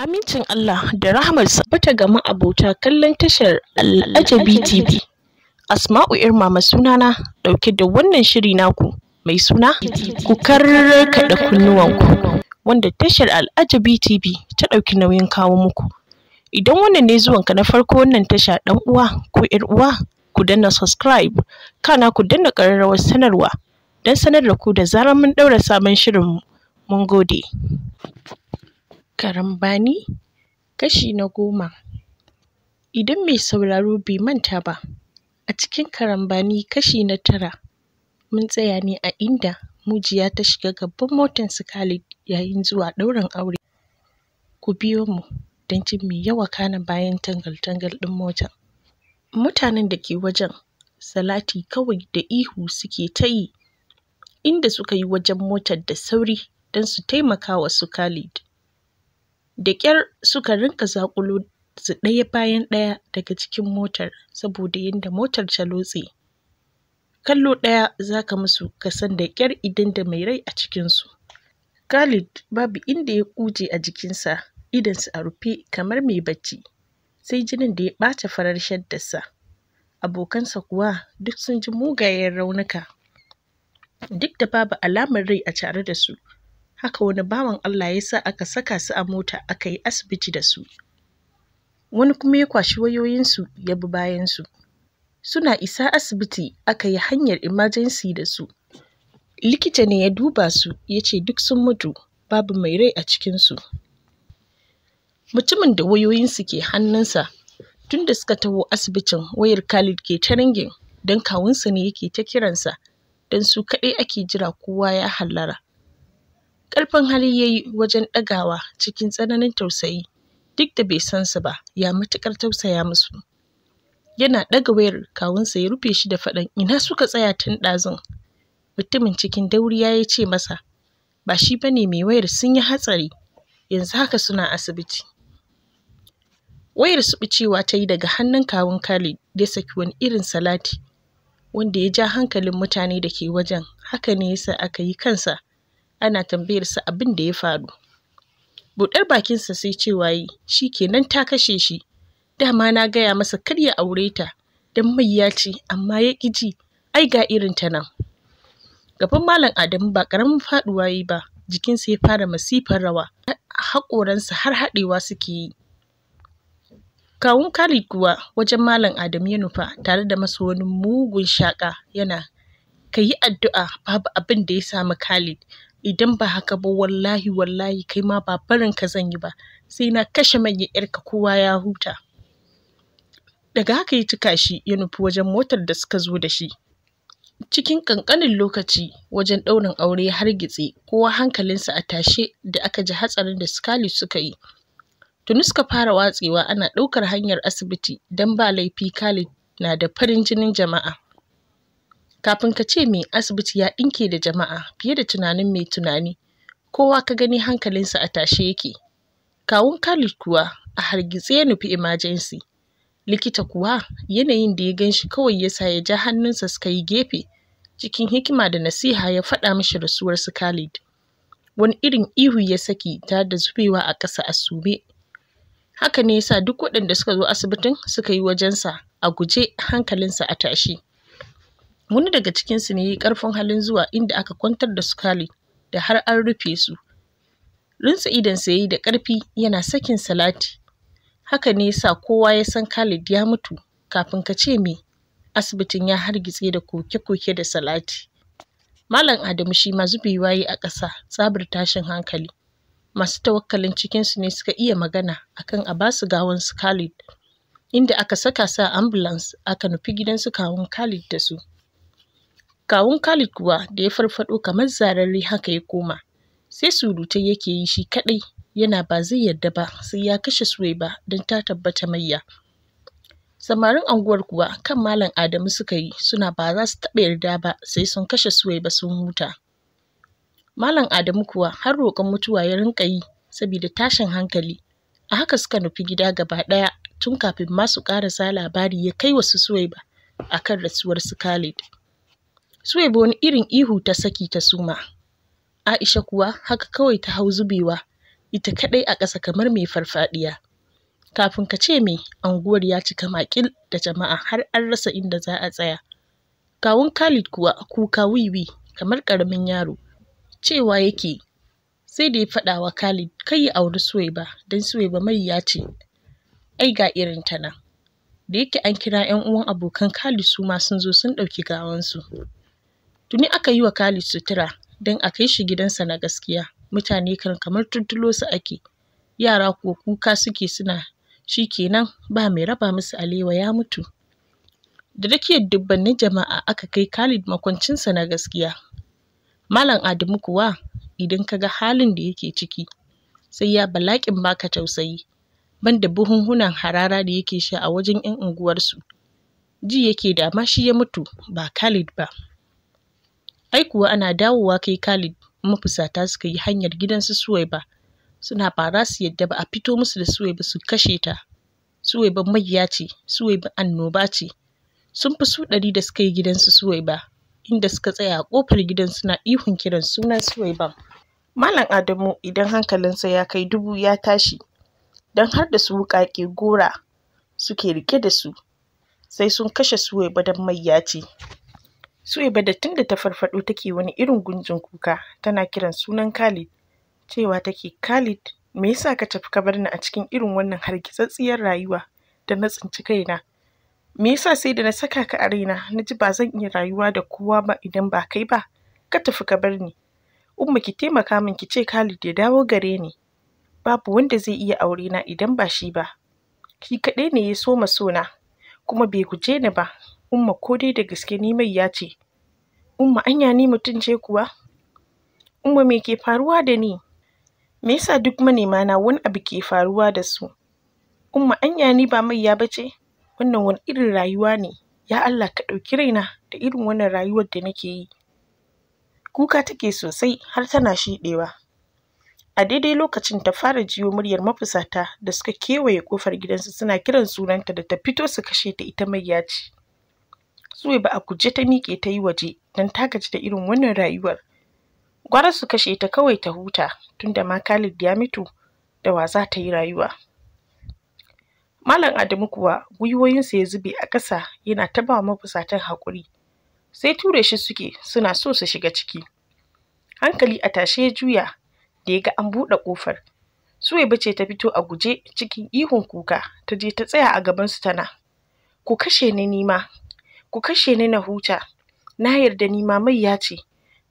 Amincin Allah da rahmarsa bata ga ma'abota kallon tashar Al'ajabi TV. Asma'u Irma sunana dauke da wannan shiri naku mai suna ku kaɗa kunnuwanku wanda tashar Al'ajabi TV ta ɗauki nauyin kawo muku. Idan wannan ne zuwan ka na farko wannan tasha dan uwa ko ƴar uwa ku danna subscribe kana ku danna kararrawar sanarwa don sanar da ku da zarar mun ɗaura sabon shirin mun gode. Karambani kashi na goma. Idan mai sauraro bai manta ba a cikin Karambani kashi na tara mun tsaya ne a inda mujiya ta shiga gaban motan su Khalid yayin zuwa ɗaurin aure. Ku biyo mu don jin mai ya wakana bayan tangal-tangal ɗin motar. Mutanen da ke wajen salati kawai da ihu suke ta yi inda suka yi wajen motar da sauri don su taimaka wa su Khalid. da ƙyar suka rinka zaƙulo su ɗaya bayan ɗaya daga cikin motar saboda yadda motar ta lotse kallo ɗaya za ka musu ka san da ƙyar idan da mai rai a cikinsu khalid babu inda ya ƙuje a jikinsa idansu a rufe kamar mai bacci sai jinin da ya ɓata farar shaddarsa abokansa kuwa duk sun ji mugayen raunuka duk da babu alamar rai a tare da su haka wani bawan Allah ya sa aka saka su a mota aka yi asibiti da su wani kuma ya kwashi wayoyinsu ya bi bayansu suna isa asibiti aka yi hanyar imajensi da su likita ne ya duba su ya ce duk sun mutu babu mai rai a cikinsu mutumin da wayoyinsu ke hannunsa tun da suka taho asibitin wayar khalid ke ta don kawunsa ne yake ta kiransa don su kaɗai ake jira kowa ya hallara ƙarfin hali ya yi wajen ɗagawa cikin tsananin tausayi duk da bai san su ba ya matuƙar tausaya musu yana ɗaga wayar kawunsa ya rufe shi da faɗan ina suka tsaya tun ɗazun mutumin cikin dauriya ya ce masa ba shi ba ne mai wayar sun yi hatsari yanzu haka suna asibiti wayar su ɓicewa ta yi daga hannun kawun khalid ya saki wani irin salati wanda ya ja hankalin mutane da ke wajen haka ne yasa aka yi kansa ana tambayar sa abin da ya faru buɗar bakinsa sai cewa yi shi kenan ta kashe shi dama na gaya masa kar ya aure ta don mai ya ce amma ya ƙi ji ai ga irin ta nan gaban malam adamu ba ƙaramin faɗuwa yi ba jikinsa ya fara masifar rawa haƙoransa har haɗewa suke yi kawun Khalid kuwa wajen malam adamu ya nufa tare da masa wani mugun shaƙa yana ka yi addu'a babu abin da ya sami Khalid idan ba haka ba wallahi wallahi kai ma ba barin ka zan yi ba sai na kashe manyan yarka kowa ya huta daga haka ya cika shi ya nufi wajen motar da suka zo da shi cikin ƙanƙanin lokaci wajen ɗaurin aure ya hargitse kowa hankalinsa a tashe da aka ji hatsarin da skali suka yi tuni suka fara watsewa ana ɗaukar hanyar asibiti don ba laifi khalid na da farin jinin jama'a kafin ka ce mai asibiti ya ɗinke da jama'a fiye da tunanin mai tunani kowa ka gani hankalinsa a tashe yake kawun khalid kuwa a hargitse ya nufi imajensi likita kuwa yanayin da ya gan shi kawai ya sa ya ja hannunsa suka yi gefe cikin hikima da nasiha ya faɗa mashi rasuwar su khalid wani irin ihu ya saki ta da zubewa a ƙasa a sube haka ne yasa duk waɗanda suka zo asibitin suka yi wajensa a guje hankalinsa a tashe. wani daga cikinsu ne yi karfin halin zuwa inda aka kwantar da su Khalid, da har an rufe su rinsa idon sa da karfi yana sakin salati haka ne sa kowa ya san Khalid ya mutu kafin ka ce me asibitin ya hargitse da koke-koke da salati Malam Adamu shi ma zubewa yi a ƙasa tsabar tashin hankali masu tawakkalin cikinsu ne suka iya magana akan a basu gawan su Khalid inda aka saka sa ambulance aka nufi gidan su kawun Khalid da su. Kawun Khalid kuwa da ya farfaɗo kamar zararre haka ya koma, sai surutai yake yi shi kaɗai yana ba zai yarda ba sai ya kashe Suwaiba don ta tabbata mayya. Samarin anguwar kuwa kan Malam Adamu suka yi suna ba za su taɓa yarda ba sai sun kashe Suwaiba sun huta. Malam Adamu kuwa har roƙon mutuwa ya rinƙa yi saboda tashin hankali. A haka suka nufi gida gaba ɗaya tun kafin ma su ƙarasa labari ya kai wasu su a akan rasuwar su Khalid. Suwaiba wani irin ihu ta saki ta suma. Aisha kuwa haka kawai ta hau zubewa, ita kadai a ƙasa kamar mai farfaɗiya. Kafin ka ce me, anguwar ya cika makil da jama'a har an rasa inda za a tsaya. Kawun Khalid kuwa kuka wiwi kamar karamin yaro. Cewa yake sai da ya faɗa wa Khalid kai ya auri Suwaiba don Suwaiba mai ya ce, ai ga irin ta nan. Da yake an kira 'yan uwan abokan Khalid su ma sun zo sun ɗauki gawansu. Tuni aka yi wa Khalid sutura don a kai shi gidansa na gaskiya. Mutane kan kamar tuntulo su ake, yara kuwa kuka suke suna shi kenan ba mai raba musu alewa ya mutu. Da rakiyar dubbannin jama'a aka kai Khalid makwancinsa na gaskiya. Malam Adamu kuwa idan ka ga halin da yake ciki sai ya balaƙin baka tausayi banda buhunhunan harara da yake sha a wajen 'yan unguwarsu. Ji yake da shi ya mutu ba Khalid ba. ai kuwa ana dawowa kai Khalid mafusata suka yi hanyar gidan su Suwaiba suna fara su yadda ba a fito musu da Suwaiba su kashe ta Suwaiba mayya ce Suwaiba annoba ce sun fi su ɗari da suka yi gidan su Suwaiba inda suka tsaya a ƙofar gidan suna ihun kiran sunan Suwaiban Malam Adamu idan hankalinsa ya kai dubu ya tashi don har da su wuƙaƙe gora suke rike da su sai sun kashe Suwaiba don mayya ce ba da tun da ta farfaɗo take wani irin gunjin kuka tana kiran sunan Khalid. Cewa take Khalid me yasa ka tafi ka bar ni a cikin irin wannan hargitsatsiyar rayuwa da na tsinci kaina. Me yasa sai da na saka ka a raina na ji ba zan iya rayuwa da kowa ba idan ba kai ba ka tafi ka bar ni. Umma ki taimaka min ki ce Khalid ya dawo gare ni. Babu wanda zai iya aure na idan ba shi ba. Ki kaɗai ne ya so sona kuma bai guje ni ba Umma ko dai da gaske ni mai ya ce, Umma anya ni mutum ce kuwa? Umma me ke faruwa da ni? Me yasa duk manema na wani abu ke faruwa da su? Umma anya ni ba mai ya bace? Wannan wani irin rayuwa ne? Ya Allah ka ɗauki raina da irin wannan rayuwar da nake yi. Kuka take sosai har tana shiɗewa. A daidai lokacin ta fara jiyo muryar mafusata da suka kewaye ƙofar gidansu suna kiran sunanta da ta fito su kashe ta ita mai ya ce. Suwaiba a guje ta miƙe ta yi waje don ta gaji da irin wannan rayuwar. Gwara su kashe ta kawai ta huta tunda ma Khalid ya mutu da wa za ta yi rayuwa. Malam Adamu kuwa gwiwoyinsa ya zube a ƙasa yana ta ba mafusatan haƙuri. Sai ture shi suke suna so su shiga ciki. Hankali a tashe ya juya da ya ga an buɗe ƙofar. Suwaiba ce ta fito a guje cikin ihun kuka ta je ta tsaya a gabansu tana. Ku kashe ni nima ku kashe ni na huta na yarda ni ya ce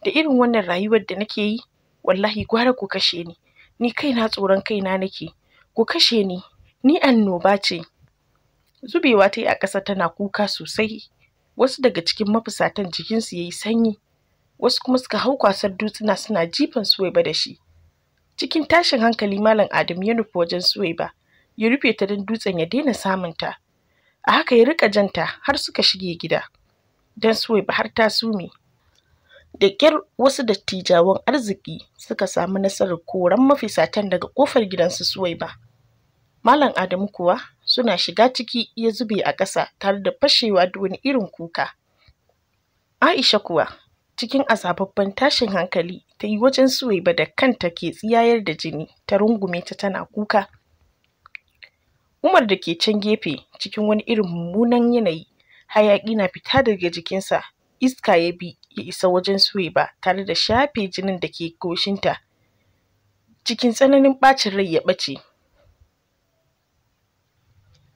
da irin wannan rayuwar da nake yi wallahi gwara ku kashe ni ni kaina tsoron kaina nake ku kashe ni ni annoba ce zubewa ta yi a ƙasa tana kuka sosai wasu daga cikin mafusatan jikinsu ya yi sanyi wasu kuma suka hau kwasar dutsuna suna jifan suwaiba da shi cikin tashin hankali malam adam ya nufi wajen suwaiba ya rufe ta don dutsen ya daina samunta a haka ya rika janta har suka shige gida don suwaiba har ta sume da ƙyar wasu dattijawan arziki suka samu nasarar koran mafisatan daga ƙofar gidansu suwaiba malam adamu kuwa suna shiga ciki ya zube a ƙasa tare da fashewa da wani irin kuka aisha kuwa cikin azababban tashin hankali ta yi wajen suwaiba da kanta ke tsiyayar da jini ta rungume ta tana kuka Umar da ke can gefe cikin wani irin mummunan yanayi hayaƙi na fita daga jikinsa iska ya bi ya isa wajen Suwaiba tare da shafe jinin da ke goshinta cikin tsananin ɓacin rai ya ɓace.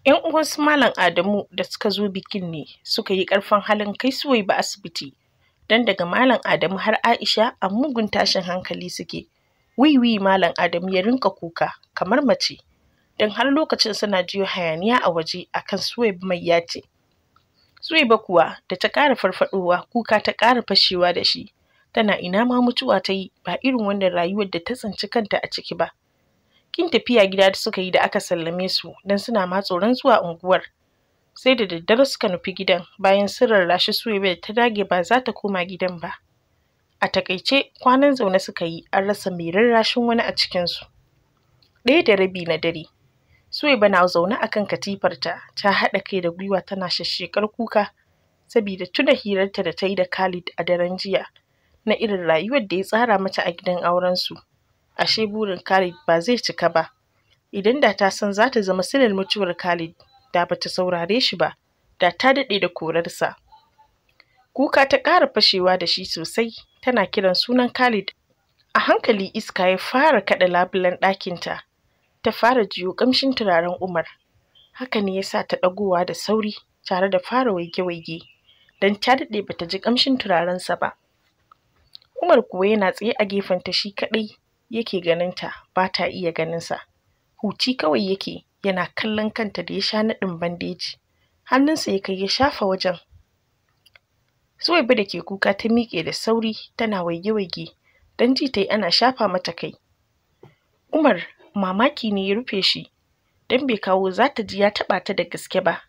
‘Yan uwan su Malam Adamu da suka zo bikin ne suka yi ƙarfin halin kai Suwaiba asibiti don daga Malam Adamu har Aisha a mugun tashin hankali suke. Wiwi Malam Adamu ya rinka kuka kamar mace. don har lokacin suna jiyo hayaniya a waje akan Suwaib mai yace. Suwaiba kuwa da ta ƙara farfaɗowa kuka ta ƙara fashewa da shi. Tana ina ma mutuwa ta yi ba irin wanda rayuwar da ta tsinci kanta a ciki ba. Kin tafiya gida da suka yi da aka sallame su don suna ma tsoron zuwa unguwar. Sai da daddare suka nufi gidan bayan sun rarrashi Suwaiba da ta dage ba za ta koma gidan ba. A takaice kwanan zaune suka yi an rasa mai rarrashin wani a cikinsu. Ɗaya da rabi na dare Suwaiba na zaune a kan katifarta ta haɗa kai da gwiwa tana shashshekar kuka saboda tuna hirarta da ta yi da Khalid a daren jiya na irin rayuwar da ya tsara mata a gidan aurensu. Ashe burin Khalid ba zai cika ba. Idan da ta san za ta zama silar mutuwar Khalid da ba ta saurare shi ba, da ta daɗe da korarsa. Kuka ta ƙara fashewa da shi sosai tana kiran sunan Khalid. A hankali iska ya fara kaɗa labulen ɗakinta ta fara jiyo ƙamshin turaren Umar. Haka ne ya sa ta ɗagowa da sauri tare da fara waige-waige don ta daɗe ba ta ji ƙamshin turarensa ba. Umar kuwa yana tsaye a gefenta shi kaɗai yake ganinta ba ta iya ganinsa. Huci kawai yake yana kallon kanta da ya sha naɗin bandeji. Hannunsa ya kai ya shafa wajen. Suwaiba da ke kuka ta miƙe da sauri tana waige-waige don ji ta yi ana shafa mata kai. Umar mamaki ne ya rufe shi don bai kawo za ta ji ya taɓa ta da gaske ba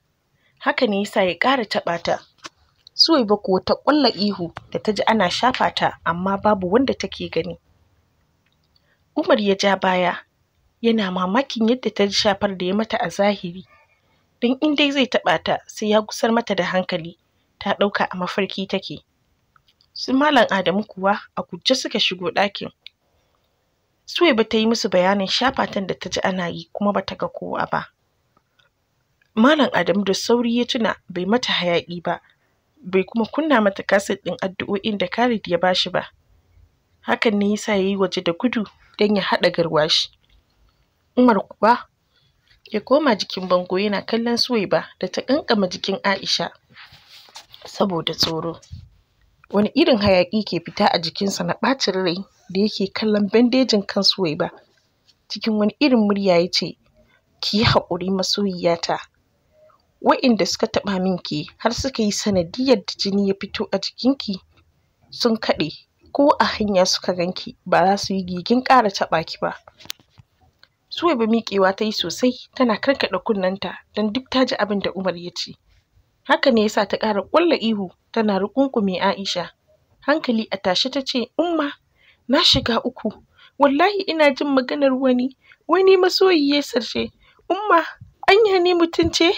haka ne yasa ya ƙara taɓa ta Suwaiba kuwa ta ƙwalla ihu da ta ji ana shafa ta amma babu wanda take gani Umar ya ja baya yana mamakin yadda ta ji shafar da ya mata a zahiri don in dai zai taɓa ta sai ya gusar mata da hankali ta ɗauka a mafarki take su malam Adamu kuwa a guje suka shigo ɗakin Suwaiba ta yi musu bayanin shafatan da ta ji ana yi kuma ba ta ga kowa ba. Malam Adamu da sauri ya tuna bai mata hayaƙi ba, bai kuma kunna mata kaset ɗin addu'o'in da Khalid ya bashi ba. Hakan ne yasa ya yi waje da gudu don ya haɗa garwashi. Umar kuwa ya koma jikin bango yana kallon ba da ta ƙanƙama jikin Aisha saboda tsoro. wani irin hayaƙi ke fita a jikinsa na ɓacin rai da yake kallon bandejin kan Suwaiba. Cikin wani irin murya ya ce, Ki yi haƙuri masoyiyata. Wa'inda suka taɓa min ke har suka yi sanadiyyar da jini ya fito a jikinki sun kaɗe ko a hanya suka ganki ba za su yi gigin ƙara taɓa ki ba. Suwaiba miƙewa ta yi sosai tana karkaɗa kunnenta don duk ta ji abin da Umar ya ce. haka ne yasa ta ƙara ƙulla ihu tana rukunkume Aisha hankali a tashe ta ce umma na shiga uku wallahi ina jin maganar wani wani masoyi ya sarce umma anya ne mutum ce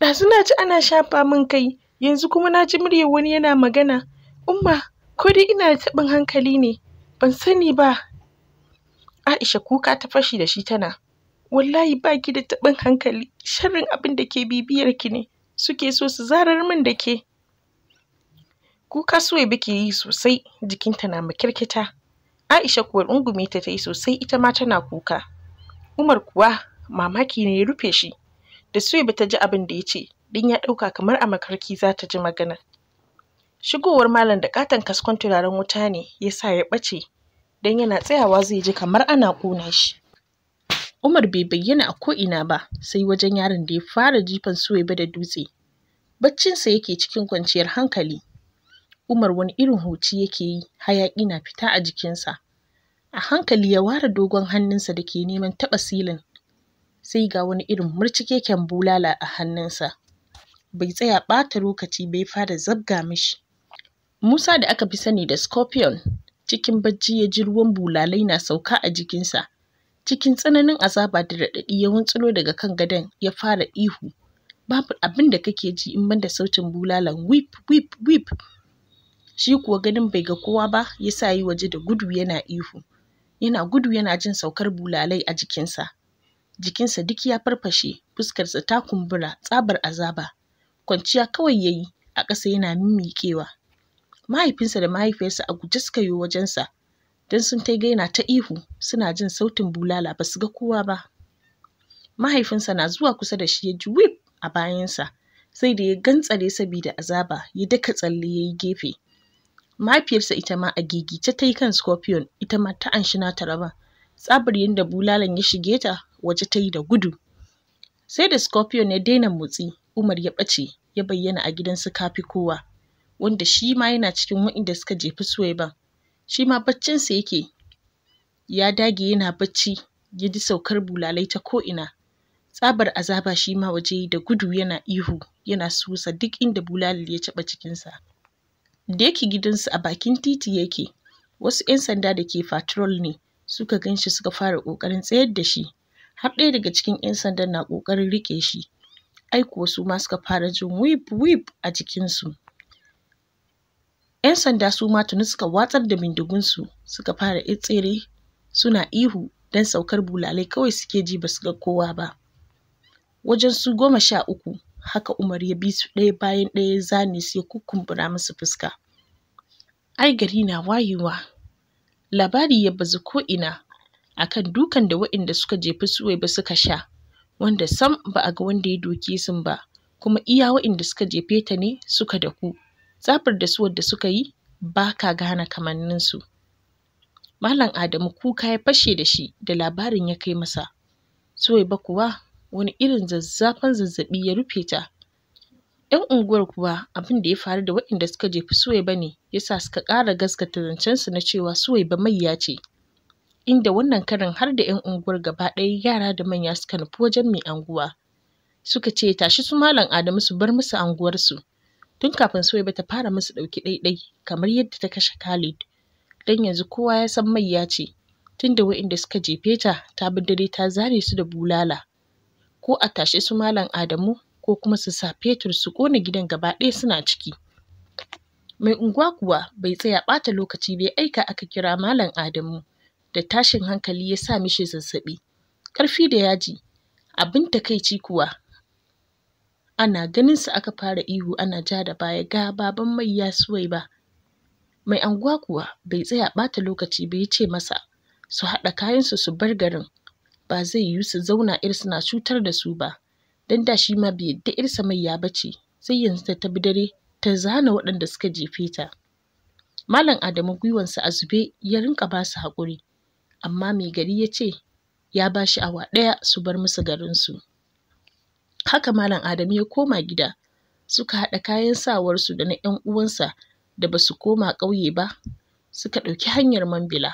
ɗazu na ji ana shafa min kai yanzu kuma na ji muryar wani yana magana umma ko dai ina da taɓin hankali ne ban sani ba Aisha kuka ta fashi da shi tana wallahi ba ki da taɓin hankali sharrin abin da ke bibiyar ki ne suke so su zarar min da ke kuka Suwaiba ke yi sosai jikinta na makirkita Aisha kuwa rungume ta ta yi sosai ita ma tana kuka Umar kuwa mamaki ne ya rufe shi da Suwaiba ta ji abin da ya ce don ya ɗauka kamar a makarki za ta ji magana shigowar malam da katon kaskon turaren wuta ne ya sa ya ɓace don yana tsayawa zai ji kamar ana ƙona shi Umar bai bayyana a ko'ina ba sai wajen yaron da ya fara jifan Suwaiba da dutse. Baccinsa yake cikin kwanciyar hankali. Umar wani irin huci yake yi hayaƙi na fita a jikinsa. A hankali ya ware dogon hannunsa da ke neman taɓa silin. Sai ga wani irin murcikeken bulala a hannunsa. Bai tsaya ɓata lokaci bai fara zabga mishi. Musa da aka fi sani da Scorpion cikin bacci ya ji ruwan bulalai na sauka a jikinsa. cikin tsananin azaba da raɗaɗi ya wuntsilo daga kan gadon ya fara ihu babu abin da kake ji in banda sautin bulalan whip whip whip shi kuwa ganin bai ga kowa ba ya sa yi waje da gudu yana ihu yana gudu yana jin saukar bulalai a jikinsa jikinsa duk ya farfashe fuskarsa ta kumbura tsabar azaba kwanciya kawai ya yi a ƙasa yana mimmiƙewa mahaifinsa da mahaifiyarsa a guje suka yo wajensa don sun ta gaina ta ihu suna jin sautin bulala ba su ga kowa ba mahaifinsa na zuwa kusa da shi ya ji wip a bayansa sai da ya gantsare sabida azaba ya daka tsalle ya yi gefe mahaifiyarsa ita ma a gigice ta yi kan scorpion ita ma ta anshi nata rabon tsabar yadda bulalan ya shige ta waje ta yi da gudu sai da scorpion ya daina motsi umar ya ɓace ya bayyana a gidan su kafi kowa wanda shi ma yana cikin waɗanda suka jefi suwaiban Shima ma baccinsa yake ya dage yana bacci ya ji saukar bulalai ta ko'ina tsabar azaba shi ma waje da gudu yana ihu yana susa duk inda bulalil ya taɓa cikinsa da yake gidansu a bakin titi yake wasu 'yan sanda da ke fatrol ne suka ganshi suka fara ƙoƙarin tsayar da shi har ɗaya daga cikin 'yan sandan na ƙoƙarin riƙe shi ai kuwa su ma suka fara jin wip wip a jikinsu 'Yan sanda su ma tuni suka watsar da bindigunsu suka fara tsere suna ihu don saukar bulalai kawai suke ji ba su ga kowa ba. Wajen su goma sha uku haka Umar ya bi su ɗaya bayan ɗaya zane su ya kukkumbura musu fuska. Ai gari na wayewa labari ya bazu ko'ina akan dukan da waɗanda suka jefi Suwaiba suka sha wanda sam ba a ga wanda ya doke sun ba kuma iya waɗanda suka jefe ta ne suka daku tsabar da suwar da suka yi ba ka gane kamanninsu malam adamu kuka ya fashe da shi da labarin ya kai masa suwaiba kuwa wani irin zazzafan zazzabi ya rufe ta yan unguwar kuwa abin da ya faru da waɗanda suka jefi suwaiba ne yasa suka ƙara gaskata su na cewa suwaiba mayya ce inda wannan karin har da yan unguwar gaba ɗaya yara da manya suka nufi wajen mai anguwa suka ce tashi su malam adamu su bar musu anguwarsu tun kafin Suwaiba ta fara musu ɗauki ɗaiɗai kamar yadda ta kashe Khalid. Don yanzu kowa ya san ya ce, tunda waɗanda suka jefe ta ta bi dare ta zare su da bulala. Ko a tashe su Malam Adamu ko kuma su sa fetur su ƙona gidan gaba ɗaya suna ciki. Mai unguwa kuwa bai tsaya ɓata lokaci bai aika aka kira Malam Adamu da tashin hankali ya sa mishi zazzaɓi. Ƙarfi da yaji, abin takaici kuwa ana ganin su aka fara ihu ana ja da baya ga baban mai ya suwai ba mai anguwa kuwa bai tsaya ɓata lokaci ba ya ce masa su haɗa kayansu su bar garin ba zai yiwu su zauna ir suna cutar da su ba don da shi ma bai yadda irsa mai ya bace sai yanzu ta tabi dare ta zana waɗanda suka jefe ta malam adamu gwiwansa a zube ya rinka ba su haƙuri amma mai gari ya ce ya ba shi awa ɗaya su bar musu garinsu Haka Malam Adamu ya koma gida suka haɗa kayan sawarsu da na 'yan uwansa da ba su koma ƙauye ba suka ɗauki hanyar Mambila.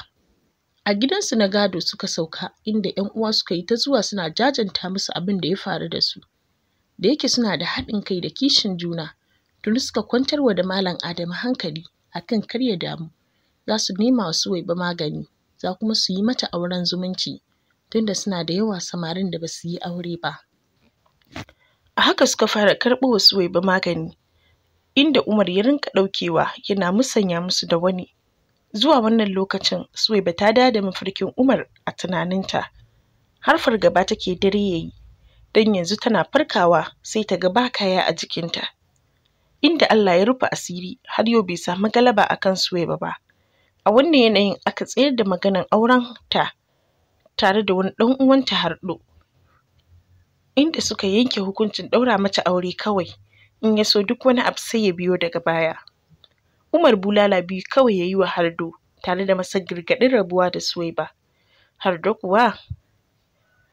A gidansu na gado suka sauka inda 'yan uwa suka yi ta zuwa suna jajanta musu abin da ya faru da su. Da yake suna da haɗin kai da kishin juna, tuni suka kwantarwa da Malam Adamu hankali akan kar ya damu. Za su nema wa Suwaiba magani, za kuma su yi mata auren zumunci, tunda suna da yawa samarin da ba su yi aure ba. A haka suka fara karɓo wa Suwaiba magani, inda Umar ya rinka ɗaukewa yana musanya musu da wani. Zuwa wannan lokacin Suwaiba ta dawo da mafarkin Umar a tunaninta, har fargaba take dare yayi yi, don yanzu tana farkawa sai ta ga ba kaya a jikinta. Inda Allah ya rufe asiri har yau bai samu galaba a kan Suwaiba ba. A wannan yanayin aka tsayar da maganan auren ta tare da wani ɗan uwanta Harɗo. inda suka yanke hukuncin ɗaura mata aure kawai in ya so duk wani abu sai ya biyo daga baya umar bulala biyu kawai ya yi wa hardo tare da masa girgaɗin rabuwa da suwaiba hardo kuwa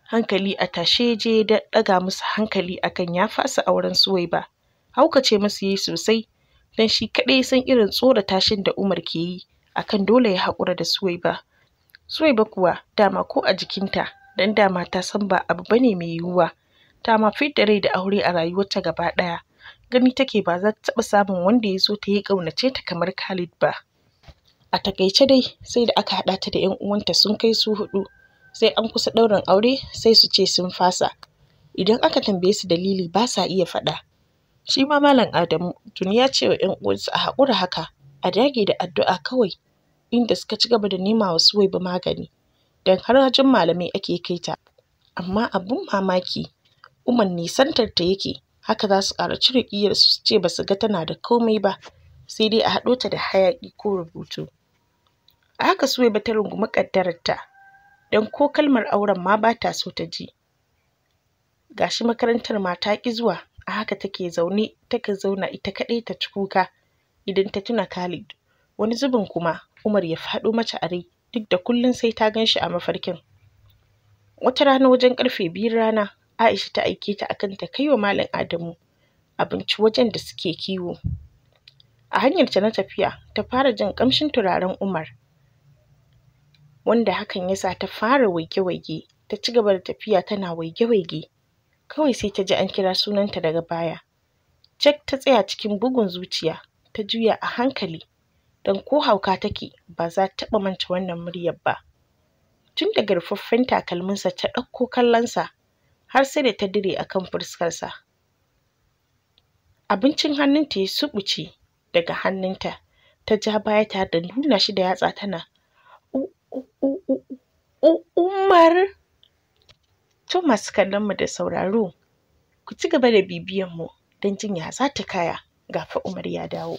hankali a tashe je da ɗaga musu hankali akan ya fasa auren suwaiba haukace musu yi sosai don shi kaɗai san irin tsora tashin da umar ke yi akan dole ya haƙura da suwaiba suwaiba kuwa dama ko a jikinta don dama ta san ba abu bane mai yiwuwa ta ma da rai da aure a rayuwarta gaba ɗaya gani take ba za ta taɓa samun wanda ya zo ta yi ƙaunace ta kamar Khalid ba a takaice dai sai da aka haɗa ta da 'yan uwanta sun kai su huɗu sai an kusa ɗaurin aure sai su ce sun fasa idan aka tambaye su dalili ba sa iya faɗa shi ma malam Adamu tuni ya ce wa 'yan uwansa a haƙura haka a dage da addu'a kawai inda suka ci gaba da nema wa Suwaiba magani don har wajen malamai ake kai ta amma abun mamaki umar nisantar ta yake haka za su ƙaraci ruƙiyar su ce ba su ga tana da komai ba sai dai a haɗo ta da hayaƙi ko rubutu a haka ba ta rungumi ƙaddararta don ko kalmar auren ma ba ta so ta ji gashi makarantar ma ta ƙi zuwa a haka take zaune take zauna ita kaɗai ta ci kuka idan ta tuna Khalid wani zubin kuma Umar ya faɗo mata a rai duk da kullum sai ta gan shi a mafarkin wata rana wajen ƙarfe biyun rana Aisha ta aike ta akan ta kai wa Malam Adamu abinci wajen da suke kiwo. A hanyar ta na tafiya ta fara jin ƙamshin turaren Umar wanda hakan ya sa ta fara waige-waige ta ci gaba da tafiya tana waige-waige kawai sai ta ji an kira sunanta daga baya. Cak ta tsaya cikin bugun zuciya ta juya a hankali don ko hauka take ba za ta taɓa manta wannan muryar ba. Tun daga rufaffen takalminsa ta ɗauko kallonsa har sai da ta dire a kan fuskarsa abincin hannunta ya suɓuce daga hannunta ta ja baya tare da nuna shi da yatsa tana umar to masu kallon mu da sauraro ku ci gaba da bibiyan mu don jin ya za ta kaya ga Umar ya dawo